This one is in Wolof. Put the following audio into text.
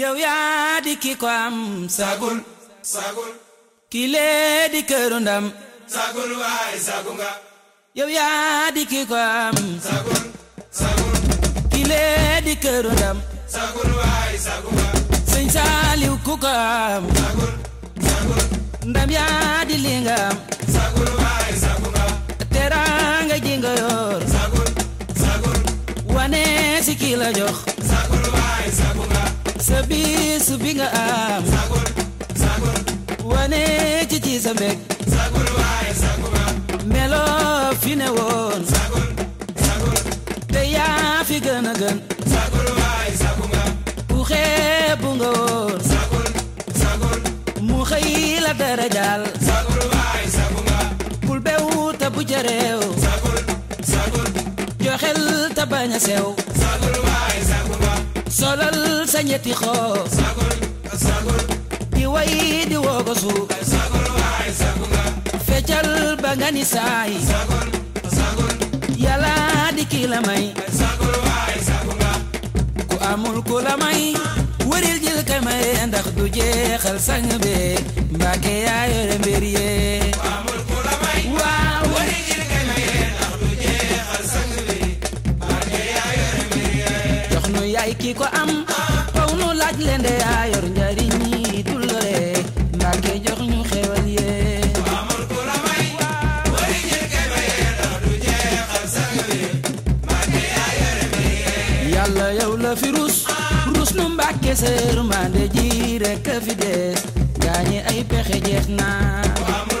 yow yaa di ki ko am. sagul sagul. kile di këru sagul waay sagu nga. yaa di ki ko sagul sagul. kile di këru sagul waay sagu nga. ku ko sagul sagul. ndam yaa di li sagul waay sagu teraanga ji nga sagul waay sagu sa bis nga am. sagor sagor. wane sa mbég. sagor waaye sagor melo fi ne woon. sagor sagor. te fi gën gën. sagor waaye sagor am. xeebu nga woon. sagor sagor. mu xëy la dara jaal. sagor waaye sagor am. bew te bu jareew. sagor sagor. joxel te bañ a solal sa ñetti xool. sagol di way di woo ko suuf. ay sagol waay ni saay. sagol sagol. yàlla di kii la may. ay ku amul ku la may. wëril jël ka may du jeexal sang be. mbàkke yaa yore jox nu yaay ki ko am faw nu laaj leen de yaa yor njariñ yi dul ree Mbàkke jox ñu xewal yee yàlla yow la fi rus rus nu Mbàkke sër mande ji rekk fi des gaañi ay pexe jeex naa